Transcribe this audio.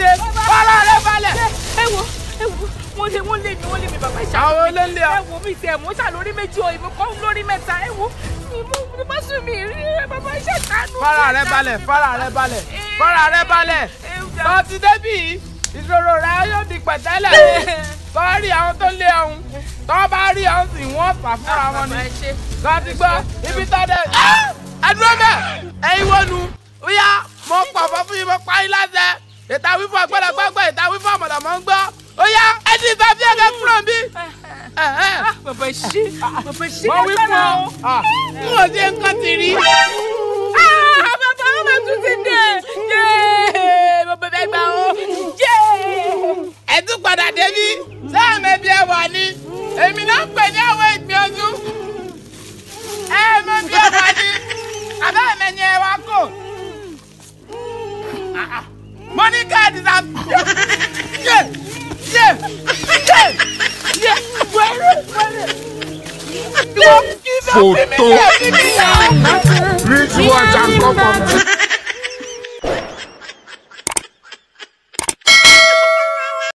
jáde fara rẹ balẹ̀. ẹ wo ẹ wo wọn lé wọn lé mi wọn lé mi bàbá ìṣàlọ mi àwọn olóńlé à. ẹ wo mi tẹ mo ṣà lórí méjì o èmi kọ́ lórí mẹ́ta ẹ wo mo bá sùn mi rí bàbá iṣẹ́ ìtànú. fara rẹ balẹ̀ fara rẹ balẹ̀ fara rẹ balẹ̀ bá débì ìṣòro rẹ yóò di pẹ̀tẹ́lẹ̀ tọ́ rí àwọn tó lé ọ̀hún tọ́ bá rí ọ̀hún sì wọ́n fà fúnra ah, wọn ni láti gbọ́ ibi tọ́ dẹ. Ah, ẹdúró bẹ́ẹ̀ ẹ̀yin wọnú ó yá mo pọ̀ fún yín mo pa yín láṣẹ ìta wí fún agbára gbọ́gbọ́ ìta wí fún àmọ̀là mọ́ ń gbọ́ ó yá ẹni ìta bí ẹ̀ka kúrò ń bí. bàbá ìṣí bàbá ìṣí wọ́n wí fún ọ. n ò ṣe nǹkan ti rí. Ah, bàbá bàbá tún ti dé bàbá bẹ́ẹ̀ gbà ó. ẹ tún padà débi sáàmì ẹbí ẹ wà ní èmi náà ń pè ní àwọn ìgbín ọdún ẹ mọ bí ẹ wà wá kò. Ah, ah up. Photo. Rich ones and come on.